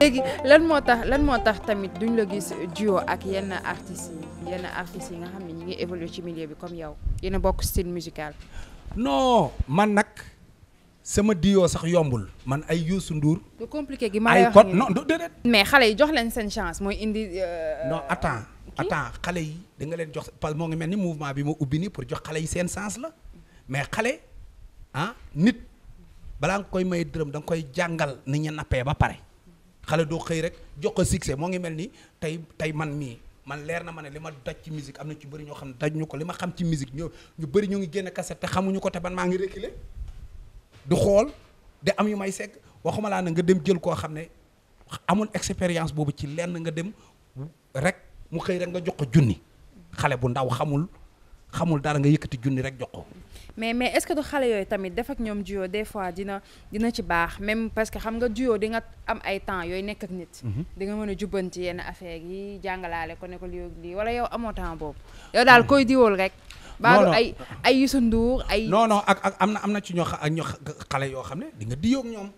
léegi lan moo tax lan moo tax tamit duñu la gis duo ak yenn artistes yi yenn artistes yi nga xam ne ñi ngi évoluer ci milieu bi comme yow yéen bokk style musical. non man nag sama duo sax yombul man ay Youssou Ndour. lu compliqué gi ma lay wax non déedéet. mais xale yi jox leen seen mooy indi. Euh, non attends attends xale yi da leen jox parce moo ngi mel ni mouvement bi ma ubbi nii pour jox xale yi seen chance la mais xale ah nit balaa nga koy may dërëm da nga koy jàngal ni ñu nappee ba pare. xale doo xëy rek jox ko succès moo ngi mel ni tey tey man mii man leer na ma ne li ma daj ci musique am na ci bëri ñoo xam ne daj ñu ko li ma xam ci musique ñoo ñu bëri ñu ngi génn cassette te xamuñu ko te man maa ngi reculer du xool di am yu may segg waxuma laa na nga dem jël koo xam ne amul expérience boobu ci lenn nga dem rek mu xëy rek nga jox ko junni xale bu ndaw xamul xamul dara nga yëkkati junni rek jox ko mais mais est-ce que du xale yooyu tamit def ak ñoom duo des fois dina dina ci baax même parce que xam nga duo di am ay temps yooy nekk ak nit. Mhm. di nga mën a jubbanti yenn affaire yi jàngalaale ko ne ko lii lii wala yow amoo temps boobu. daal mhm. koy diwool rek. baalu ay ay Youssou Ndour ay. non ak ak am na am na ci ñoo xa ak ñoo xale yoo xam ne di nga diyoog ñoom.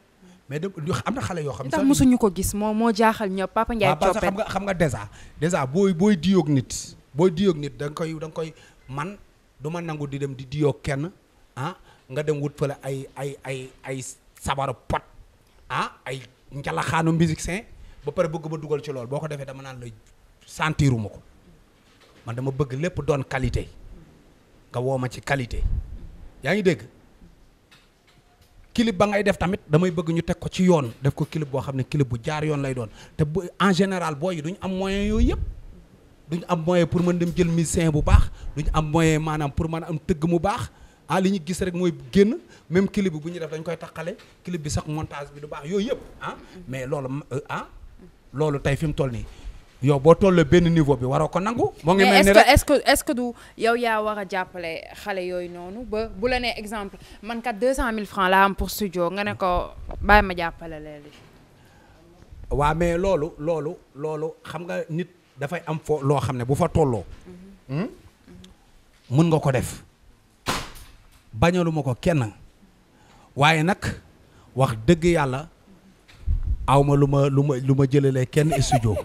mais de am na xale yoo xam ne sax mosuñu ko gis moo moo jaaxal ñëpp Papa Ndiaye coppet xam nga xam nga dèjà dèjà booy booy diyoog nit booy diyoog nit da koy da nga koy man du ma nangu di dem di diyoo kenn ah nga dem wut fële ay ay ay ay sabaru pot ah ay njalaxaanu musicien ba pare bëgg ma dugal ci lool boo ko defee dama naan la sentiruma ko man dama bëgg lépp doon qualité nga woo ma ci qualité yaa ngi dégg clip ba ngay def tamit damay bëgg ñu teg ko ci yoon def ko clip boo xam ne clip bu jaar yoon lay doon te bu en général booy yi duñ am moyen yooyu yëpp duñ am moyen pour mën dem jël musicien bu baax duñ am moyen manam pour mën am teug mu baax a ah, liñu ñu gis rek moy genn même clip buñu def dañ koy takalé clip bi sax montage bi du baax yoy yep hein ah. mais lolu euh, ah lolu tay fim mu toll nii yow boo tollee benn niveau bi waroo nangu. mo ngi mel ni rek est-ce que est-ce que du yow ya wara jappalé xalé yoy yooyu ba bu la né exemple man kat 200000 francs la am pour studio nga ne ko bàyyi ma jappalé leen. wa mais lolu lolu lolu xam nga nit. dafay am foo loo xam ne bu fa tolloo mën hmm? nga ko def bañalu ko kenn waaye nag wax dëgg yàlla awma lu ma lu ma lu ma jëlalee kenn studio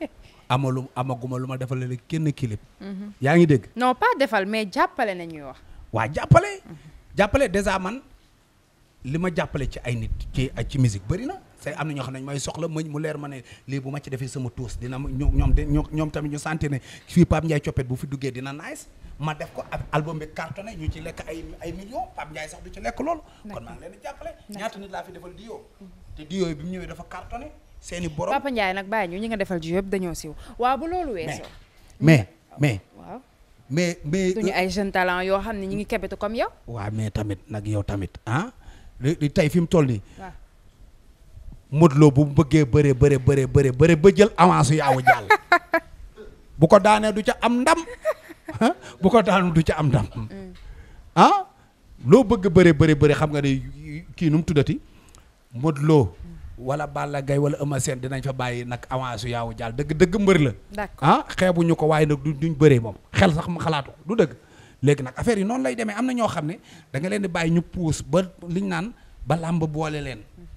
ama lu amaguma lu ma defalale kenn clip mhm. yaa ngi dégg non pas defal mais jàppale na ñuy wax waa jàppale mhm. jàppale déjà man li ma jàppale ci ay nit ci ci musique bëri na say am na ñoo xam ne may soxla mëñ mu leer ma ne lii bu ma ci defee sama tuus dina ñu ñoom de ñoom tamit ñu sentir ne fii Pape Ndiaye coppet bu fi duggee dina nice ma def ko ak album bi cartonné ñu ci lekk ay ay millions Pape Ndiaye sax du ci lekk loolu kon maa ngi leen di jàppale ñaata nit laa fi defal diyo te diyo yi bi mu ñëwee dafa cartonné seeni borom Papa Ndiaye nag bàyyi ñu ñi nga defal ji yëpp dañoo siiw waaw bu loolu weesoo mais mais waaw mais mais duñu euh, ay jeune talent yoo xam ne ñi ngi kebetu comme yow waaw mais tamit nag yow tamit ah li tey fi mu toll nii Modou bu mu bëggee bëree bëre bëre bëre bëre ba jël avance yaawu jàll bu ko daanee du ca am ndam bu ko daanu du ca am ndam loo bëgg bëre bëre bëre xam nga ne kii nu mu tuddati Modou Lo wala Balla Gaye wala Eumeu Sène dinañ fa bàyyi nag avance yaawu jaal dëgg dëgg mbër la ah xeebuñu ko waaye nag du duñ bëree moom xel sax mu xalaatu du dëgg léegi nag affaire yi noonu lay demee am na ñoo xam ne da nga leen di bàyyi ñu puus ba liñ naan ba làmb boole leen